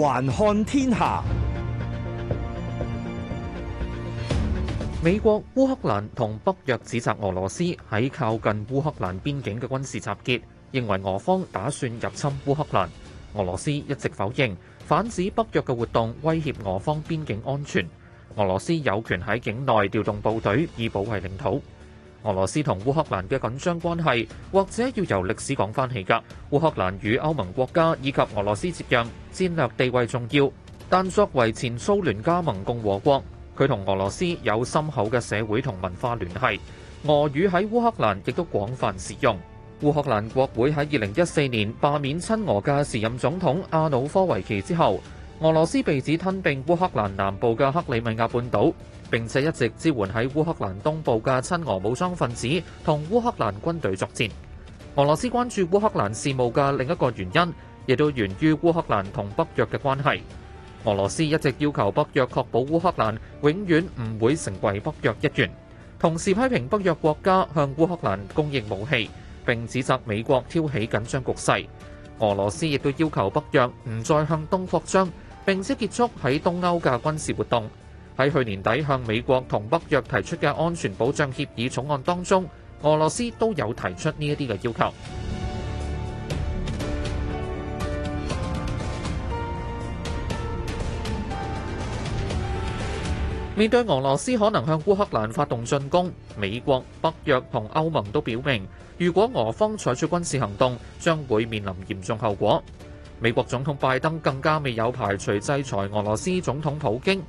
環看天下，美國、烏克蘭同北約指責俄羅斯喺靠近烏克蘭邊境嘅軍事集結，認為俄方打算入侵烏克蘭。俄羅斯一直否認，反指北約嘅活動威脅俄方邊境安全。俄羅斯有權喺境內調動部隊以保衛領土。俄羅斯同烏克蘭嘅緊張關係，或者要由歷史講翻起噶。烏克蘭與歐盟國家以及俄羅斯接壤，戰略地位重要。但作為前蘇聯加盟共和國，佢同俄羅斯有深厚嘅社會同文化聯繫。俄語喺烏克蘭亦都廣泛使用。烏克蘭國會喺二零一四年罷免親俄嘅時任總統亞努科維奇之後。俄羅斯被指吞併烏克蘭南部嘅克里米亞半島，並且一直支援喺烏克蘭東部嘅親俄武裝分子同烏克蘭軍隊作戰。俄羅斯關注烏克蘭事務嘅另一個原因，亦都源於烏克蘭同北約嘅關係。俄羅斯一直要求北約確保烏克蘭永遠唔會成為北約一員，同時批評北約國家向烏克蘭供應武器，並指責美國挑起緊張局勢。俄羅斯亦都要求北約唔再向東擴張，並且結束喺東歐嘅軍事活動。喺去年底向美國同北約提出嘅安全保障協議草案當中，俄羅斯都有提出呢一啲嘅要求。面對俄羅斯可能向烏克蘭發動進攻，美國、北約同歐盟都表明，如果俄方採取軍事行動，將會面臨嚴重後果。美國總統拜登更加未有排除制裁俄羅斯總統普京。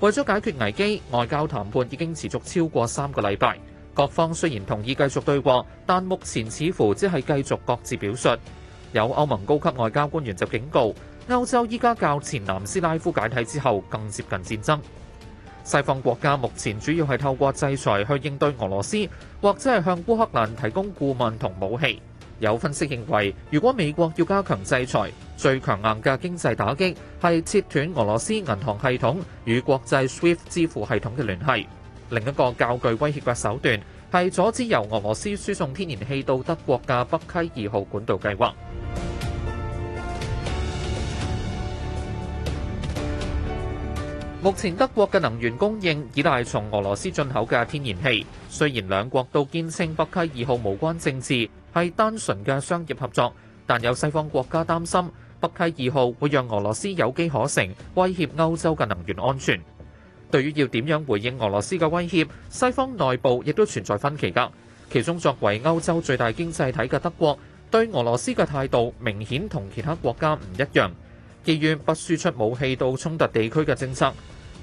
為咗解決危機，外交談判已經持續超過三個禮拜。各方雖然同意繼續對話，但目前似乎只係繼續各自表述。有歐盟高級外交官員就警告，歐洲依家較前南斯拉夫解體之後更接近戰爭。西方國家目前主要係透過制裁去應對俄羅斯，或者係向烏克蘭提供顧問同武器。有分析認為，如果美國要加強制裁，最強硬嘅經濟打擊係切斷俄羅斯銀行系統與國際 SWIFT 支付系統嘅聯繫。另一個較具威脅嘅手段係阻止由俄羅斯輸送天然氣到德國嘅北溪二號管道計劃。目前德國嘅能源供應依賴從俄羅斯進口嘅天然氣。雖然兩國都堅稱北溪二號無關政治，係單純嘅商業合作，但有西方國家擔心北溪二號會讓俄羅斯有機可乘，威脅歐洲嘅能源安全。對於要點樣回應俄羅斯嘅威脅，西方內部亦都存在分歧噶。其中，作為歐洲最大經濟體嘅德國，對俄羅斯嘅態度明顯同其他國家唔一樣，基於不輸出武器到衝突地區嘅政策。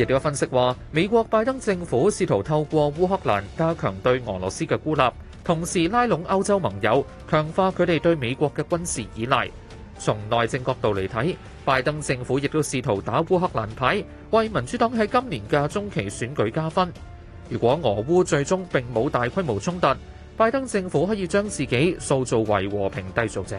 亦都有分析話，美國拜登政府試圖透過烏克蘭加強對俄羅斯嘅孤立，同時拉攏歐洲盟友，強化佢哋對美國嘅軍事依賴。從內政角度嚟睇，拜登政府亦都試圖打烏克蘭牌，為民主黨喺今年嘅中期選舉加分。如果俄烏最終並冇大規模衝突，拜登政府可以將自己塑造為和平締造者。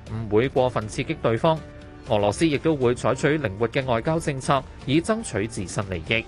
唔會過分刺激對方，俄羅斯亦都會採取靈活嘅外交政策，以爭取自身利益。